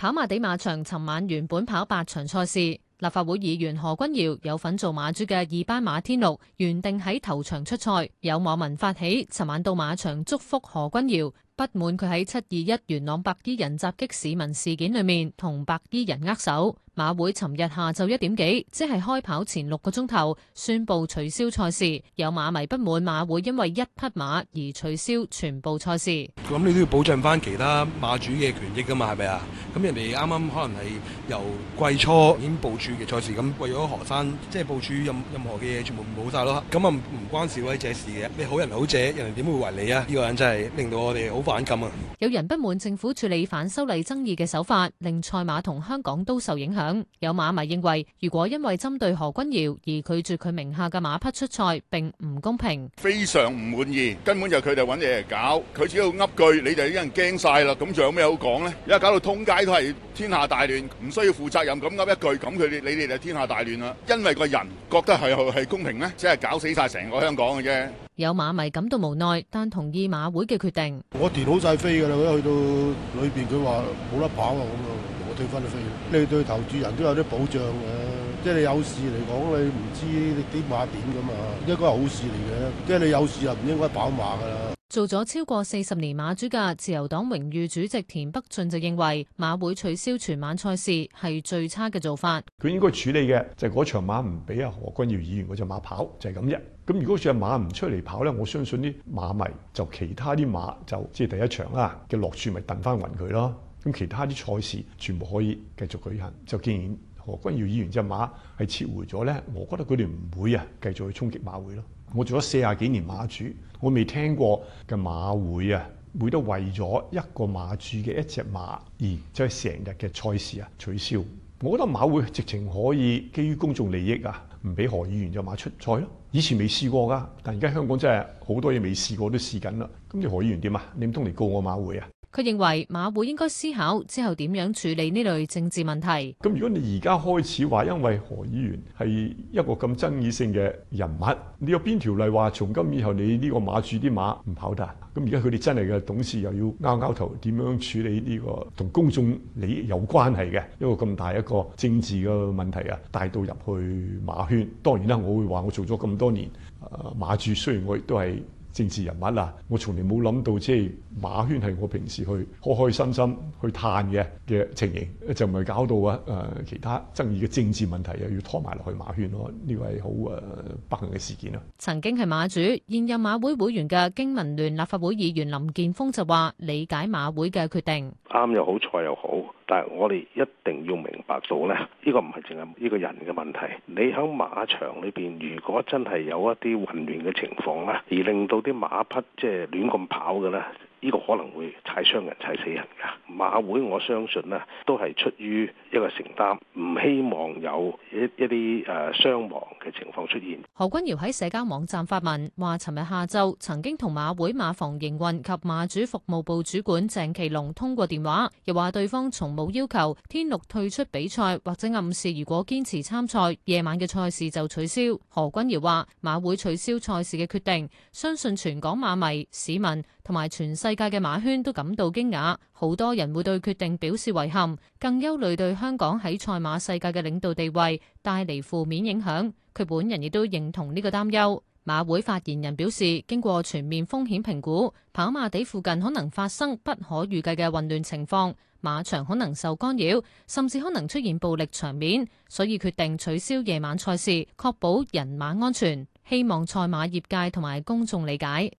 跑馬地馬場昨晚原本跑八場賽事，立法會議員何君堯有份做馬主嘅二班馬天祿，原定喺頭場出賽，有網民發起，昨晚到馬場祝福何君堯。不滿佢喺七二一元朗白衣人襲擊市民事件裏面同白衣人握手，馬會尋日下晝一點幾，即係開跑前六個鐘頭宣布取消賽事，有馬迷不滿馬會因為一匹馬而取消全部賽事。咁你都要保障返其他馬主嘅權益㗎嘛？係咪啊？咁人哋啱啱可能係由季初已經部署嘅賽事，咁為咗何生即係部署任任何嘅嘢，全部冇晒咯。咁啊唔關示威者事嘅，你好人好者，人哋點會為你啊？呢、這個人真係令到我哋好。反感啊！有人不滿政府處理反修例爭議嘅手法，令賽馬同香港都受影響。有馬迷認為，如果因為針對何君堯而拒絕佢名下嘅馬匹出賽，並唔公平。非常唔滿意，根本就佢哋揾嘢嚟搞。佢只要噏句，你就已經驚晒啦。咁仲有咩好講呢？因為搞到通街都係天下大亂，唔需要負責任。咁噏一句，咁佢哋你哋就天下大亂啦。因為個人覺得係係公平咧，即係搞死晒成個香港嘅啫。有馬迷感到無奈，但同意馬會嘅決定。我填好晒飛噶啦，佢一去到裏邊，佢話冇得跑啊，咁啊，我退翻去飛。你對投注人都有啲保障嘅，即係你有事嚟講，你唔知你啲馬點噶嘛，應該係好事嚟嘅。即係你有事就唔應該跑馬噶啦。做咗超過四十年馬主嘅自由黨榮譽主席田北俊就認為，馬會取消全晚賽事係最差嘅做法。佢應該處理嘅就係、是、嗰場馬唔俾阿何君堯議員嗰隻馬跑，就係咁啫。咁如果隻馬唔出嚟跑咧，我相信啲馬迷就其他啲馬就即係第一場啦嘅落注咪躉翻匀佢咯。咁其他啲賽事全部可以繼續舉行，就竟然。何君堯議員隻馬係撤回咗咧，我覺得佢哋唔會啊繼續去衝擊馬會咯。我做咗四十幾年馬主，我未聽過嘅馬會啊，會都為咗一個馬主嘅一隻馬而將成日嘅賽事啊取消。我覺得馬會直情可以基於公眾利益啊，唔俾何議員隻馬出賽咯。以前未試過噶，但而家香港真係好多嘢未試過都試緊啦。咁你何議員點啊？你唔通嚟告我馬會啊？佢認為馬會應該思考之後點樣處理呢類政治問題。咁如果你而家開始話，因為何議員係一個咁爭議性嘅人物，你有邊條例話從今以後你呢個馬主啲馬唔跑得？咁而家佢哋真係嘅董事又要拗拗頭，點樣處理呢個同公眾利益有關係嘅一個咁大一個政治嘅問題啊？帶到入去馬圈，當然啦，我會話我做咗咁多年，誒馬主雖然我亦都係。政治人物啊，我從嚟冇諗到，即係馬圈係我平時去開開心心去嘆嘅嘅情形，就唔係搞到啊誒、呃、其他爭議嘅政治問題又要拖埋落去馬圈咯，呢個係好誒不幸嘅事件啦。曾經係馬主，現任馬會會員嘅經民聯立法會議員林健鋒就話：理解馬會嘅決定，啱又好，錯又好，但係我哋一定要明白到咧，呢個唔係淨係呢個人嘅問題。你喺馬場裏邊，如果真係有一啲混亂嘅情況咧，而令到。啲馬匹即係亂咁跑嘅啦，呢個可能會踩傷人、踩死人噶。馬會我相信咧，都係出於一個承擔，唔希望有一一啲誒傷亡嘅情況出現。何君堯喺社交網站發文話，尋日下晝曾經同馬會馬房營運及馬主服務部主管鄭其龍通過電話，又話對方從冇要求天祿退出比賽，或者暗示如果堅持參賽，夜晚嘅賽事就取消。何君堯話：馬會取消賽事嘅決定，相信全港馬迷、市民同埋全世界嘅馬圈都感到驚訝，好多人，會對決定表示遺憾，更憂慮對香港喺賽馬世界嘅領導地位帶嚟負面影響。佢本人亦都認同呢個擔憂。馬會發言人表示，經過全面風險評估，跑馬地附近可能發生不可預計嘅混亂情況，馬場可能受干擾，甚至可能出現暴力場面，所以決定取消夜晚賽事，確保人馬安全。希望賽馬業界同埋公眾理解。